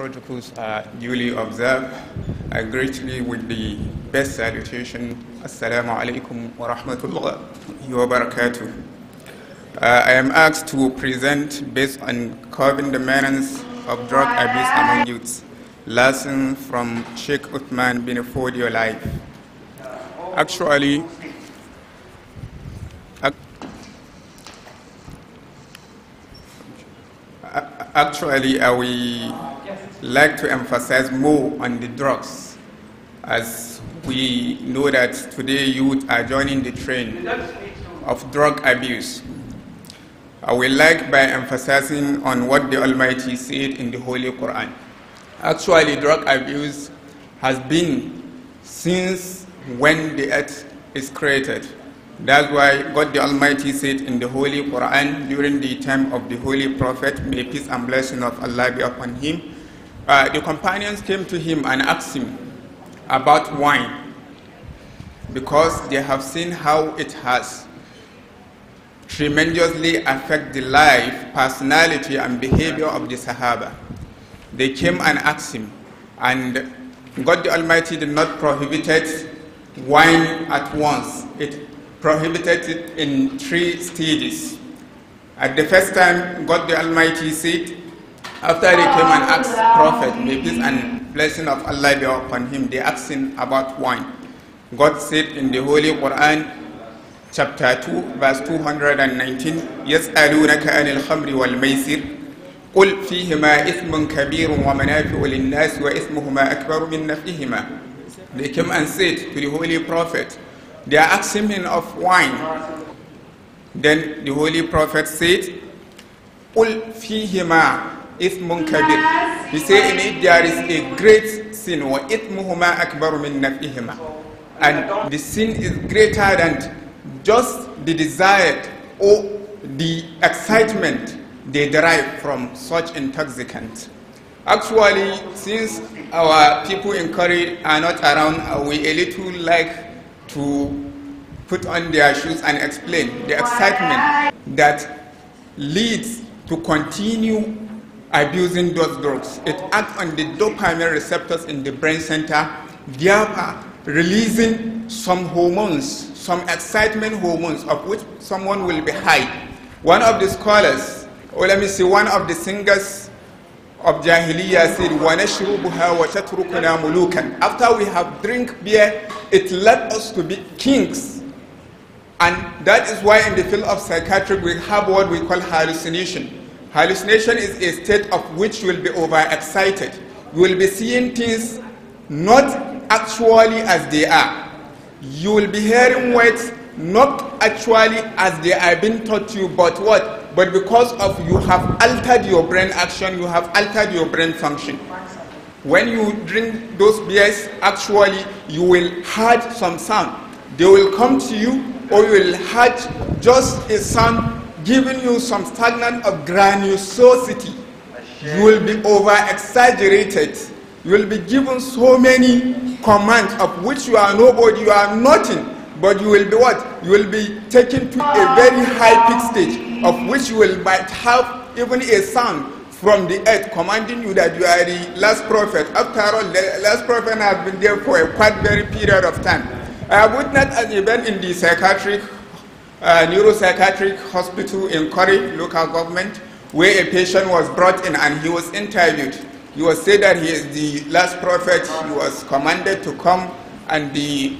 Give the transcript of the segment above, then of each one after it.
protocols are duly observed, I greatly with the best salutation, Assalamu alaikum wa rahmatullahi wa barakatuh. Uh, I am asked to present based on curbing the menace of drug abuse among youths, lesson from Sheikh Uthman bin Fodio Life. Actually, actually, are we like to emphasize more on the drugs, as we know that today youth are joining the train of drug abuse. I will like by emphasizing on what the Almighty said in the Holy Quran. Actually, drug abuse has been since when the earth is created. That's why God the Almighty said in the Holy Quran during the time of the Holy Prophet, may peace and blessing of Allah be upon him, uh, the companions came to him and asked him about wine because they have seen how it has tremendously affected the life, personality, and behavior of the Sahaba. They came and asked him, and God the Almighty did not prohibit wine at once. It prohibited it in three stages. At the first time, God the Almighty said, after they came and asked Prophet, may peace and blessing of Allah be upon him, they asked him about wine. God said in the Holy Quran, chapter 2, verse 219, يَسْأَلُونَكَ عَنِ الْخَمْرِ وَالْمَيْسِرِ قُلْ فِيهِمَا إِثْمٌ كَبِيرٌ وَمَنَافِعُ لِلنَّاسِ وَإِثْمُهُمَا أَكْبَرُ مِنْ نَفْعِهِمَا They came and said to the Holy Prophet, they are asking him of wine. Then the Holy Prophet said, قُلْ فِيهِمَا if كبير he say in it there is a great sin وإثمهما أكبر من نفعهما and the sin is greater than just the desire or the excitement they derive from such intoxicants. Actually, since our people in Korea are not around, uh, we a little like to put on their shoes and explain the excitement that leads to continue abusing those drugs. It acts on the dopamine receptors in the brain center, thereby releasing some hormones, some excitement hormones, of which someone will be high. One of the scholars, or let me see, one of the singers of Jahiliyyah said, وَنَشْرُبُهَا وَشَتْرُكُنَا مُلُوكًا After we have drink beer, it led us to be kings. And that is why in the field of psychiatry we have what we call hallucination Hallucination is a state of which you will be overexcited. You will be seeing things not actually as they are. You will be hearing words not actually as they have been taught to you, but what? But because of you have altered your brain action, you have altered your brain function. When you drink those beers, actually, you will hear some sound. They will come to you, or you will hear just a sound giving you some stagnant or granulosity. You will be over exaggerated. You will be given so many commands of which you are nobody, you are nothing. But you will be what? You will be taken to a very high peak stage of which you will might have even a sound from the earth commanding you that you are the last prophet. After all, the last prophet has been there for a quite very period of time. I have witnessed an event in the psychiatric uh, neuropsychiatric hospital in Kori, local government, where a patient was brought in and he was interviewed. He was said that he is the last prophet. He was commanded to come and the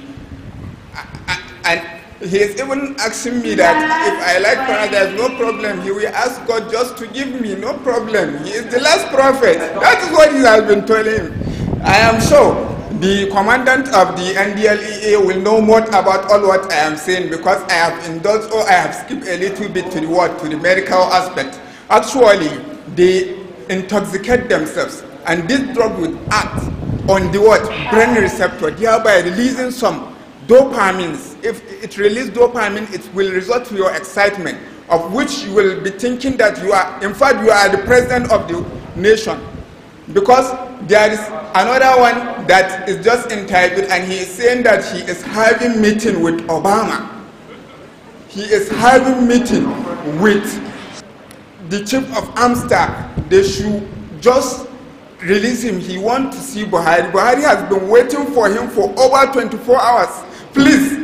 and he is even asking me that if I like paradise, no problem. He will ask God just to give me, no problem. He is the last prophet. That is what he has been telling him. I am sure. The commandant of the NDLEA will know more about all what I am saying because I have indulged or I have skipped a little bit to the what to the medical aspect. Actually, they intoxicate themselves and this drug would act on the what? Brain receptor, thereby releasing some dopamine. If it releases dopamine, it will result to your excitement, of which you will be thinking that you are, in fact, you are the president of the nation. Because There is another one that is just entitled, and he is saying that he is having meeting with Obama. He is having meeting with the chief of Amstar. They should just release him. He wants to see Buhari. Buhari has been waiting for him for over 24 hours. Please,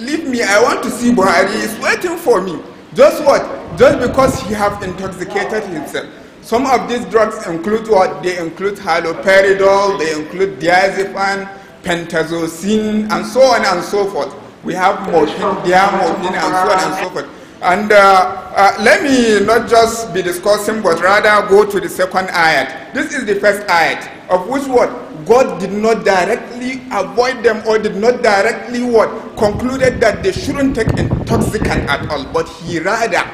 leave me. I want to see Buhari. He is waiting for me. Just what? Just because he have intoxicated himself. Some of these drugs include what? They include haloperidol, they include diazepam, pentazocine, and so on and so forth. We have morphine, diamorphine, and so on and so forth. And uh, uh, let me not just be discussing, but rather go to the second ayat. This is the first ayat, of which what? God did not directly avoid them or did not directly what? Concluded that they shouldn't take intoxicant at all, but he rather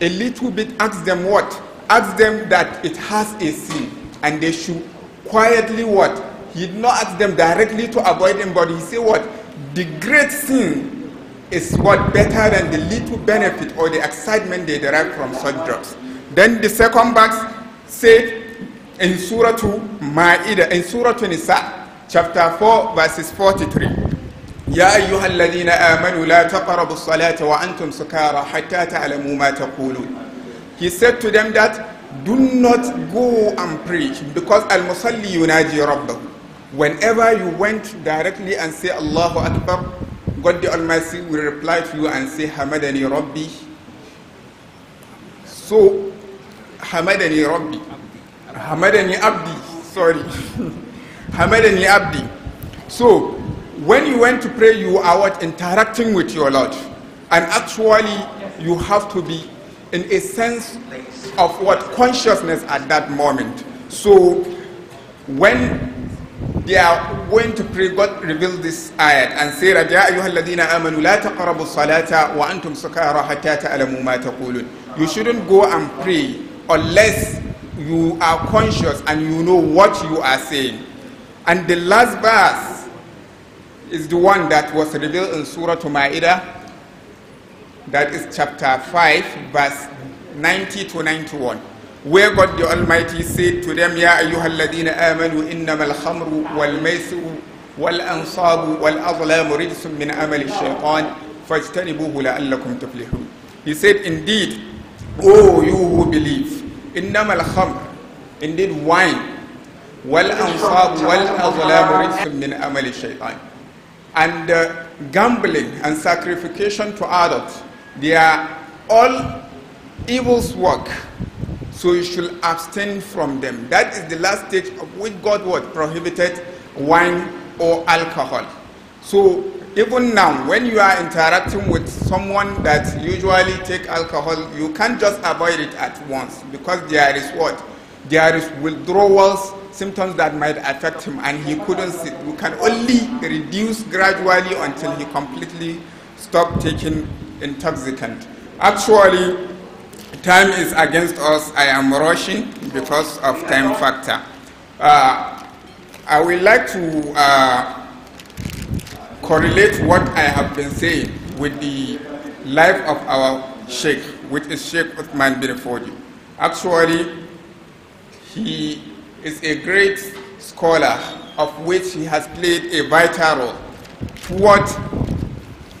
a little bit asked them what? ask them that it has a sin and they should quietly what? He did not ask them directly to avoid them, but he said what? The great sin is what better than the little benefit or the excitement they derive from such drugs. Then the second verse said in Surah 2, Ma'idah, in Surah twenty six, chapter 4, verses 43. يا أيها الذين آمنوا لا تقربوا الصلاة وأنتم سكارى حتى تعلموا ما تقولون he said to them that, do not go and preach because al-musalli yunaji Whenever you went directly and say Allahu Akbar, God the Almighty will reply to you and say Hamadani Rabbi. So, Hamadani Rabbi. Hamadani Abdi, sorry. Hamadani Abdi. So, when you went to pray, you are what, interacting with your Lord. And actually, you have to be in a sense of what consciousness at that moment. So when they are going to pray, God reveal this ayat and say, يَا أَيُّهَا الَّذِينَ آمَنُوا لَا تَقْرَبُوا الصَّلَاةَ وَأَنْتُمْ سُكَارَى حَتَّى تَعْلَمُوا مَا تَقُولُونَ You shouldn't go and pray unless you are conscious and you know what you are saying. And the last verse is the one that was revealed in Surah Ma'idah that is chapter 5, verse 90 to 91, where God the Almighty said to them, Ya ayyuhal ladina amanu innama al-khamru wal-maisiru wal-ansabu wal-azlamu rijsum min amali shaytan fajtanibuhu la'allakum tuflihu." He said, indeed, O you who believe, innama al-khamr, indeed wine, wal-ansabu wal-azlamu rijsum min amali shaytan. And uh, gambling and sacrification to idols." They are all evils work so you should abstain from them that is the last stage of which god what prohibited wine or alcohol so even now when you are interacting with someone that usually take alcohol you can't just avoid it at once because there is what there is withdrawals symptoms that might affect him and he couldn't sit. you can only reduce gradually until he completely stop taking intoxicant. Actually, time is against us. I am rushing because of time factor. Uh, I would like to uh, correlate what I have been saying with the life of our Sheikh, which is Sheikh Uthman bin Fodi. Actually, he is a great scholar of which he has played a vital role toward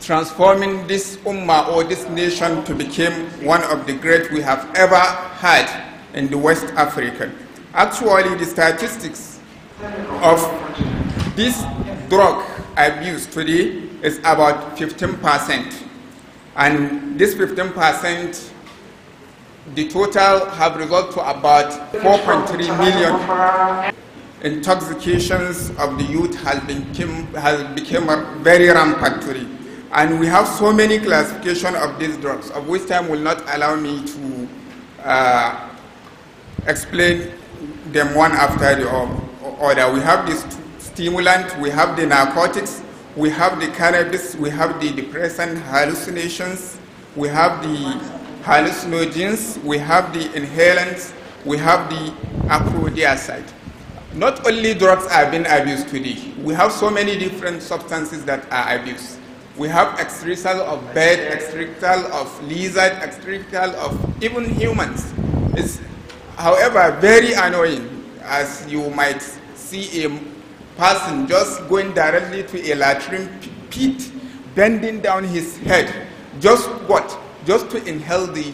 transforming this ummah or this nation to become one of the great we have ever had in the West Africa. Actually, the statistics of this drug abuse today is about 15%. And this 15%, the total have resulted to about 4.3 million intoxications of the youth has become, has become very rampant today. And we have so many classification of these drugs, of which time will not allow me to uh, explain them one after the other. We have the st stimulant, we have the narcotics, we have the cannabis, we have the depressant hallucinations, we have the hallucinogens, we have the inhalants, we have the aphrodisiac. Not only drugs are being abused today, we have so many different substances that are abused. We have extractal of bird, extractal of lizard, extractal of even humans. It's, however, very annoying as you might see a person just going directly to a latrine pit, bending down his head, just what? Just to inhale the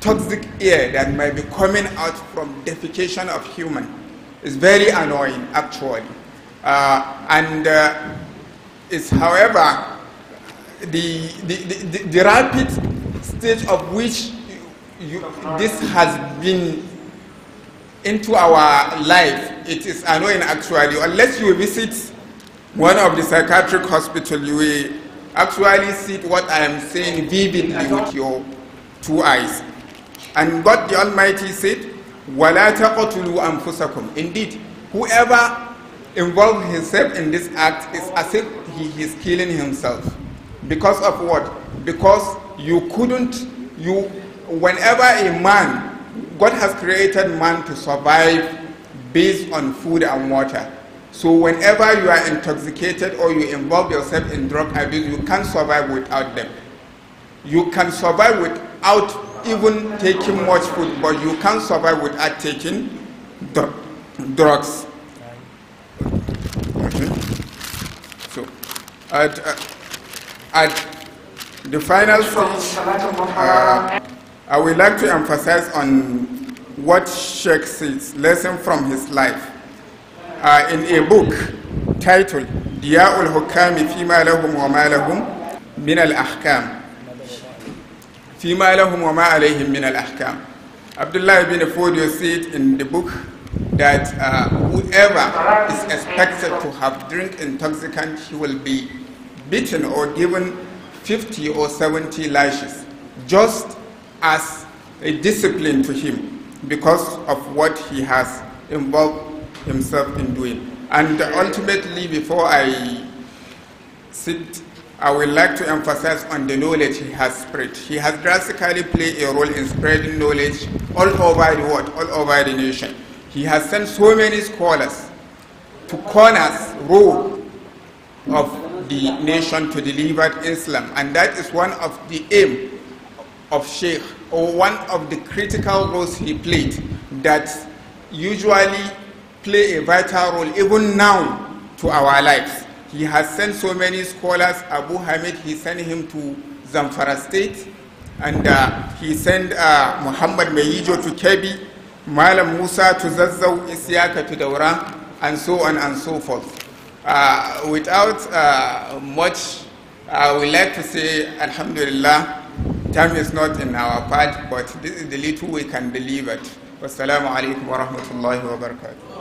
toxic air that might be coming out from defecation of human. It's very annoying, actually. Uh, and uh, it's, however, the, the, the, the rapid stage of which you, this has been into our life, it is annoying actually. Unless you visit one of the psychiatric hospital, you will actually see what I am saying vividly with your two eyes. And God the Almighty said, وَلَا تَقْتُلُوا أَنفُسَكُمْ Indeed, whoever involves himself in this act is as if he is killing himself. Because of what? Because you couldn't, you, whenever a man, God has created man to survive based on food and water. So whenever you are intoxicated or you involve yourself in drug abuse, you can't survive without them. You can survive without even taking much food, but you can't survive without taking dr drugs. Okay. So, uh, uh at the final stage, uh, I would like to emphasize on what Sheikh says, lesson from his life. Uh, in a book titled ul Hukami Fima Lahum Wa Ma Lahum Min Al-Ahkam Fima Lahum Wa Ma Alayhim Min Al-Ahkam Abdullah ibn Fodio said in the book that uh, whoever is expected to have drink intoxicant, he will be beaten or given 50 or 70 lashes just as a discipline to him because of what he has involved himself in doing. And ultimately, before I sit, I would like to emphasize on the knowledge he has spread. He has drastically played a role in spreading knowledge all over the world, all over the nation. He has sent so many scholars to corners, row of the nation to deliver Islam. And that is one of the aim of Sheikh, or one of the critical roles he played that usually play a vital role even now to our lives. He has sent so many scholars. Abu Hamid, he sent him to Zamfara State, and uh, he sent uh, Muhammad Mayijo to Kebi, Malam Musa to Zazzau, Isiaka to Daura, and so on and so forth. Uh, without uh, much, uh, we like to say, Alhamdulillah, time is not in our part, but this is the little we can deliver. Wassalamu alaikum wa rahmatullahi wa barakatuh.